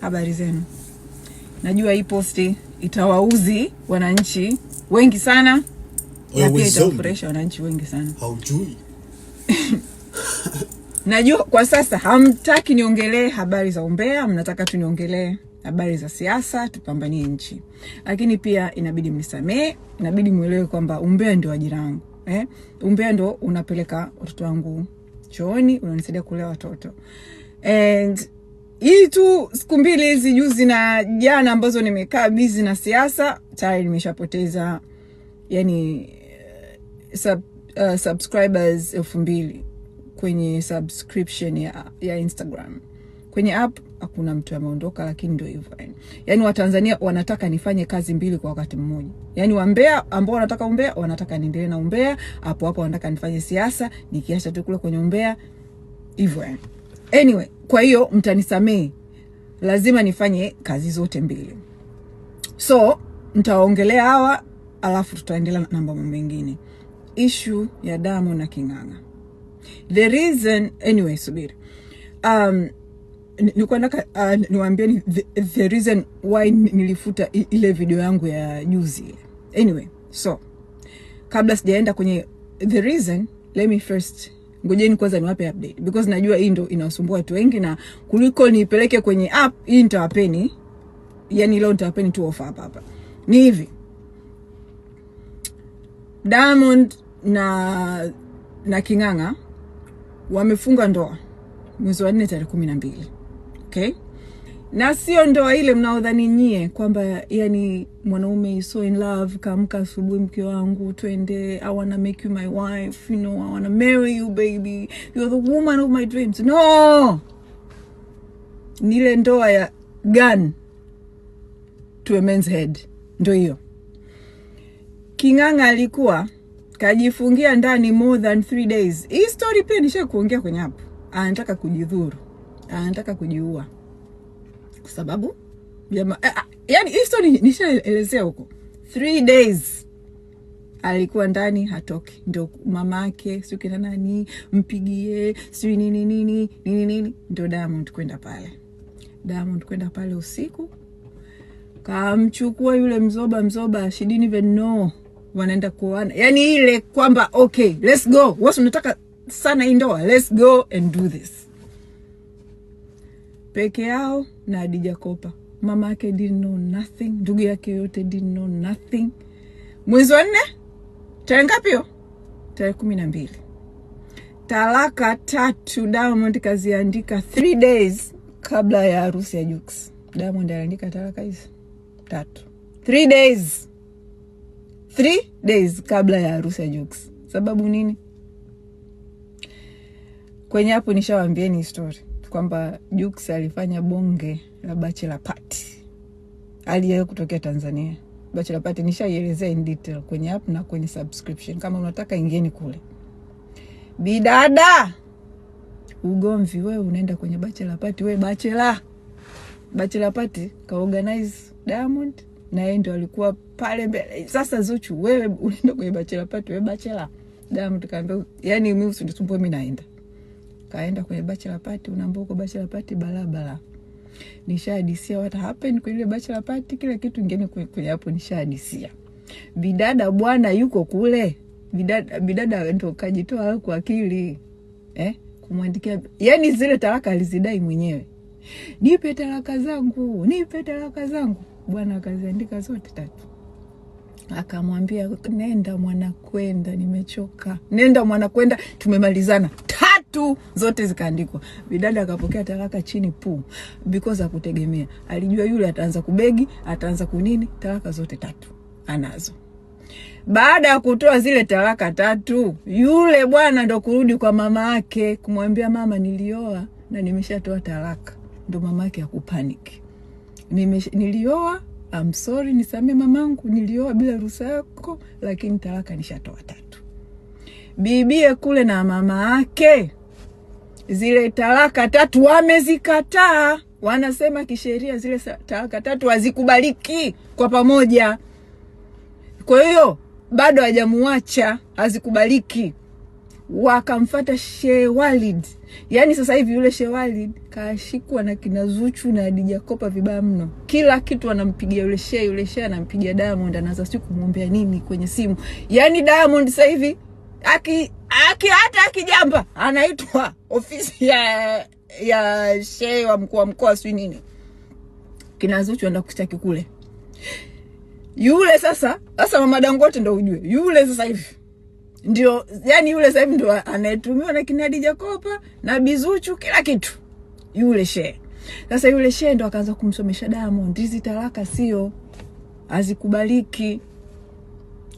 habari zenu? Najua hii posti itawauzi wananchi wengi sana na pia itawafurahisha wananchi wengi sana. Haujui. Najua kwa sasa hamtaki niongelee habari za umbea, mnataka tu niongelee habari za siasa, tupambanie nchi. Lakini pia inabidi mnisamee, inabidi mwelewe kwamba umbea ndio ajira yangu eh? Umbea ndio unapeleka watoto wangu chooni, unanisaidia kulea watoto and hii tu siku mbili hizi juzi na jana ambazo nimekaa bizi na siasa tayari nimeshapoteza yani eh, sub, uh, subscribers elfu mbili kwenye subscription ya, ya Instagram kwenye app hakuna mtu ameondoka, lakini ndio hivyo yani. Yani Watanzania wanataka nifanye kazi mbili kwa wakati mmoja, yani wambea ambao wanataka umbea wanataka niendelee na umbea, hapo hapo wanataka nifanye siasa, nikiacha tu kule kwenye umbea hivyo yani. Anyway, kwa hiyo mtanisamehe, lazima nifanye kazi zote mbili, so ntawaongelea hawa alafu tutaendelea na mambo mengine. Ishu ya damu na King'ang'a, the reason anyway, subiri um, nilikuwa nataka uh, ni the, the reason why nilifuta ile video yangu ya juzi Anyway, so kabla sijaenda kwenye the reason, let me first ngojeni kwanza niwape update because najua hii ndo inawasumbua watu wengi, na kuliko nipeleke kwenye app hii nitawapeni, yani leo nitawapeni tu offer hapa hapa. Ni hivi, Diamond na na King'ang'a wamefunga ndoa mwezi wa nne tarehe kumi na mbili okay? na sio ndoa ile mnaodhani nyie kwamba yani mwanaume is so in love, kaamka asubuhi, mke wangu, twende, I wanna make you my wife, you know, I wanna marry you baby, you're the woman of my dreams. No, ni ile ndoa ya gun to a man's head, ndo hiyo. King'ang'a alikuwa kajifungia ndani more than three days. Hii story pia nishakuongea kwenye hapo. Anataka kujidhuru, anataka kujiua kwa sababu jama, eh, ah, yani hii story nishaelezea huko. Three days alikuwa ndani hatoki, ndo mamake siu kina nani mpigie siu nini nini nini nini, ndo Diamond kwenda pale, Diamond kwenda pale usiku kamchukua yule mzoba mzoba, she didn't even know wanaenda kuoana, yani ile kwamba okay let's go, wasi unataka sana hii ndoa, let's go and do this peke yao na adija Kopa. Mama yake didn't know nothing, ndugu yake yote didn't know nothing. Mwezi wa nne tarehe ngapi? Tarehe kumi na mbili. Talaka tatu Diamond kaziandika 3 days kabla ya harusi ya Jux. Diamond aliandika talaka hizi tatu 3 days, 3 days kabla ya harusi ya Jux. Sababu nini? Kwenye hapo nishawambieni story kwamba Jux alifanya bonge la bachelor party, aliye kutokea Tanzania. Bachelor party nishaielezea in detail kwenye app na kwenye subscription, kama unataka ingieni kule. Bidada ugomvi, we unaenda kwenye bachelor party, we bachelor bachelor party organize Diamond na yeye ndo alikuwa pale mbele. Sasa Zuchu, wewe unaenda kwenye bachelor party, we bachelor. Diamond kaambia, yani mimi usinisumbue, mimi naenda kaenda kwenye bachelor party, unaambia uko bachelor party barabara. Nishahadisia what happened kwenye bachelor party, kila kitu ngine kwenye hapo nishahadisia. Bidada bwana yuko kule, bidada bidada ndo kajitoa kwa akili eh, kumwandikia yani zile talaka alizidai mwenyewe, nipe talaka zangu, nipe talaka zangu. Bwana akaziandika zote tatu akamwambia nenda mwana kwenda, nimechoka, nenda mwana kwenda, tumemalizana Ta tu zote zikaandikwa. Bidada akapokea taraka chini pu because akutegemea, alijua yule ataanza kubegi, ataanza kunini. taraka zote tatu anazo. Baada ya kutoa zile taraka tatu, yule bwana ndo kurudi kwa mama yake kumwambia, mama, nilioa na nimeshatoa taraka. Ndo mama yake akupaniki, nilioa I'm sorry, nisamee mamangu, nilioa bila ruhusa yako, lakini taraka nishatoa tatu. Bibie kule na mama yake zile talaka tatu wamezikataa, wanasema kisheria zile talaka tatu hazikubaliki kwa pamoja. Kwa hiyo bado hajamuacha, hazikubaliki. Wakamfata Shewalid, yaani sasa hivi yule Shewalid kashikwa na kina Zuchu na Adija Kopa vibaya mno, kila kitu anampigia yule She, yule She anampigia Diamond, anaza siku kumwombea nini kwenye simu. Yaani Diamond sasa hivi aki aki, hata akijamba anaitwa ofisi ya ya shehe wa mkuu wa mkoa sijui nini, kinazuchu Zuchu kushtaki kule. Yule sasa sasa, mama Dangote ndo ujue yule sasa hivi ndio yani, yule sasa hivi ndio anayetumiwa na kina Hadija Kopa na Bizuchu kila kitu, yule shehe sasa. Yule shehe ndo akaanza kumsomesha Diamond, hizi talaka sio hazikubaliki,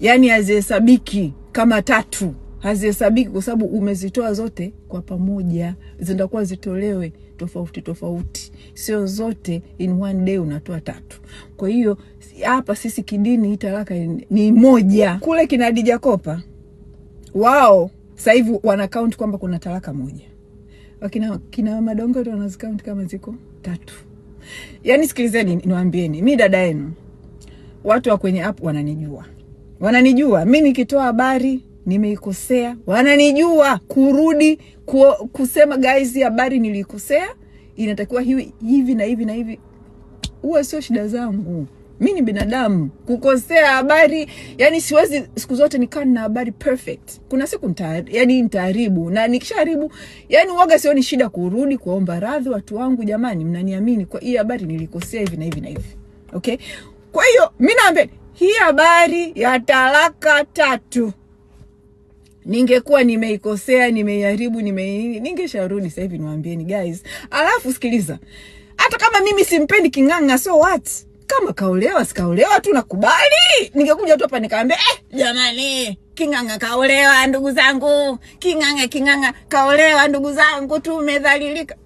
yani hazihesabiki kama tatu hazihesabiki kwa sababu umezitoa zote kwa pamoja, zinakuwa zitolewe tofauti tofauti, sio zote in one day unatoa tatu. Kwa hiyo hapa sisi kidini hii talaka ni moja. Kule kina dijakopa Kopa wao sasa hivi wana kaunti kwamba kuna talaka moja, wakina kina Madongo wana kama ziko tatu. Yani sikilizeni, niwaambieni mi dada yenu, watu wa kwenye app wananijua, wananijua mi nikitoa habari nimeikosea, wananijua kurudi ku, kusema guys, habari nilikosea, inatakiwa hivi hivi na hivi na hivi. Huwa sio shida zangu, mi ni binadamu kukosea habari. Yani siwezi siku zote nikaa na habari perfect. Kuna siku yani nitaharibu na nikishaharibu, yani waga sioni shida kurudi kuwaomba radhi watu wangu, jamani, mnaniamini kwa hii habari nilikosea hivi na hivi na hivi, okay. Kwa hiyo mi naambia hii habari ya talaka tatu ningekuwa nimeikosea nimeiharibu nime ningesharuni sasa hivi niwaambieni guys alafu sikiliza hata kama mimi simpendi king'ang'a so what kama kaolewa sikaolewa tu nakubali ningekuja tu hapa nikaambia eh, jamani king'ang'a kaolewa ndugu zangu king'ang'a king'ang'a kaolewa ndugu zangu tu umedhalilika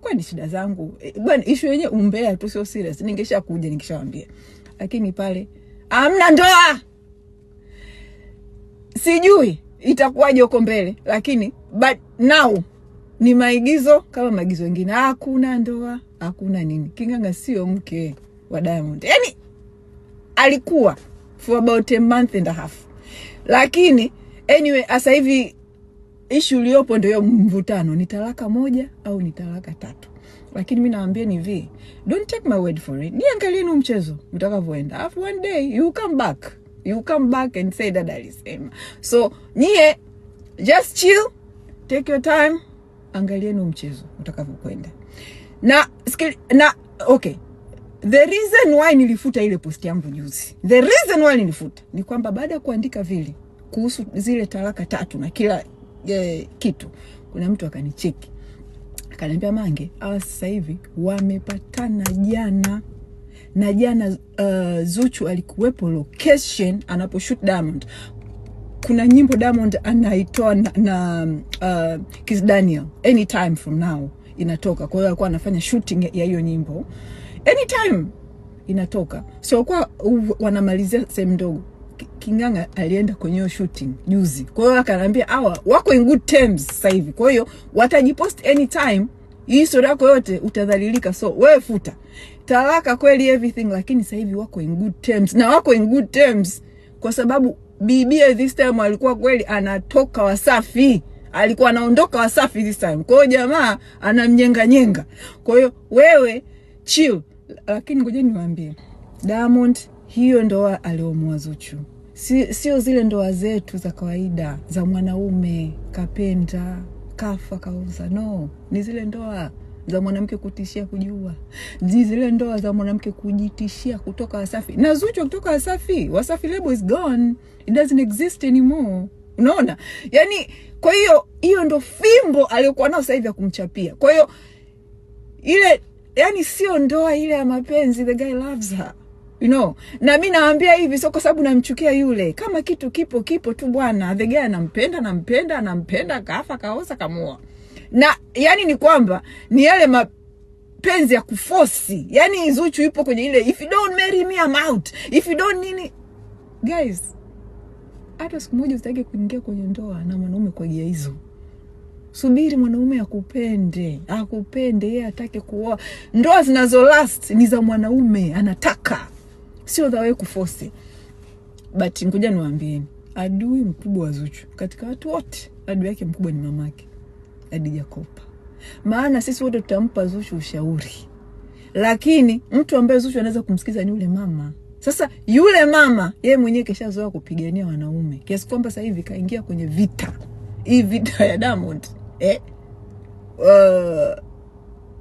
kwani shida zangu eh, bwana ishu yenye umbea tu sio serious ningesha kuja ningeshawambia lakini pale amna ndoa sijui itakuwaje huko mbele, lakini but now ni maigizo kama maigizo mengine. Hakuna ndoa, hakuna nini. King'ang'a sio mke wa Diamond, yani alikuwa for about a month and a half, lakini anyway, asa hivi ishu uliopo ndio hiyo mvutano, ni talaka moja au ni talaka tatu. Lakini mi nawambia ni vi, don't take my word for it, niangalieni mchezo utakavyoenda, alafu one day you come back you come back and say dada alisema. So nyie just chill, take your time, angalieni mchezo utakavyokwenda na, na okay The reason why nilifuta ile post yangu juzi, the reason why nilifuta ni kwamba baada ya kuandika vile kuhusu zile talaka tatu na kila e, kitu, kuna mtu akanicheki akaniambia, Mange awa sasa hivi wamepatana jana na jana uh, Zuchu alikuwepo location anaposhoot Diamond. Kuna nyimbo Diamond anaitoa na, na uh, Kiss Daniel anytime from now inatoka. Kwa hiyo alikuwa anafanya shooting ya hiyo nyimbo anytime inatoka, sio kwa wanamalizia sehemu ndogo. Kinganga alienda kwenye hiyo shooting juzi, kwa hiyo akaniambia hawa wako in good terms sasa hivi, kwa hiyo watajipost anytime. Hii sura yako yote utadhalilika, so wewe futa talaka kweli everything, lakini sasa hivi wako in good terms, na wako in good terms kwa sababu bibie this time alikuwa kweli anatoka Wasafi, alikuwa anaondoka Wasafi this time. Kwa hiyo jamaa anamnyenga nyenga, kwa hiyo wewe chill. Lakini ngoja niwaambie, Diamond hiyo ndoa aliomua Zuchu sio si zile ndoa zetu za kawaida za mwanaume kapenda kafa kauza, no, ni zile ndoa za mwanamke kutishia kujiua, zile ndoa za mwanamke kujitishia kutoka Wasafi na Zuchu kutoka Wasafi. Wasafi label is gone, it doesn't exist anymore. Unaona, yani kwa hiyo hiyo ndo fimbo aliyokuwa nao sasa hivi ya kumchapia. Kwa hiyo ile yani sio ndoa ile ya mapenzi, the guy loves her you know. Na mi naambia hivi, sio kwa sababu namchukia yule, kama kitu kipo kipo tu bwana. The guy anampenda, nampenda, nampenda, kafa kaosa kamua na yani ni kwamba ni yale mapenzi ya kufosi, yani Zuchu ipo kwenye ile if you don't marry me I'm out, if you don't nini. Guys, hata siku moja usitake kuingia kwenye ndoa na mwanaume kwa gia hizo. Subiri mwanaume akupende, akupende yeye, atake kuoa. Ndoa zinazo last ni za mwanaume anataka, sio za wewe kufosi. But ngoja niwaambieni, adui mkubwa wa Zuchu katika watu wote, adui yake mkubwa ni mamake hadijakopa. Maana sisi wote tutampa Zuchu ushauri, lakini mtu ambaye Zuchu anaweza kumsikiza ni yule mama. Sasa yule mama yeye mwenyewe keshazoea kupigania wanaume kiasi kwamba sasa hivi kaingia kwenye vita hii, vita ya Diamond eh, uh,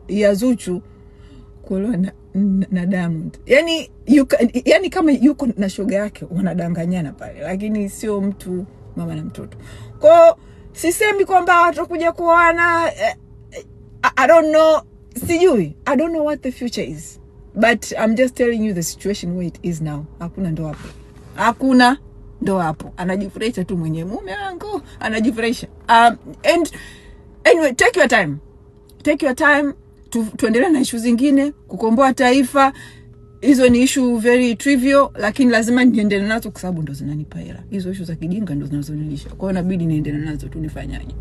ya Zuchu kuolewa na, na, na Diamond yani, yuka, yani kama yuko na shoga yake wanadanganyana pale, lakini sio mtu mama na mtoto kwao sisemi kwamba watakuja kuoana eh, eh, I don't know sijui I don't know what the future is but I'm just telling you the situation where it is now hakuna ndo hapo hakuna ndo hapo anajifurahisha tu mwenye mume wangu anajifurahisha um, and anyway take your time take your time tu, tuendelee na ishu zingine kukomboa taifa hizo ni ishu very trivial, lakini lazima niendele nazo kwa sababu ndo zinanipa hela. Hizo ishu za kijinga ndo zinazonilisha, kwa hiyo inabidi niendele nazo tu, nifanyaje?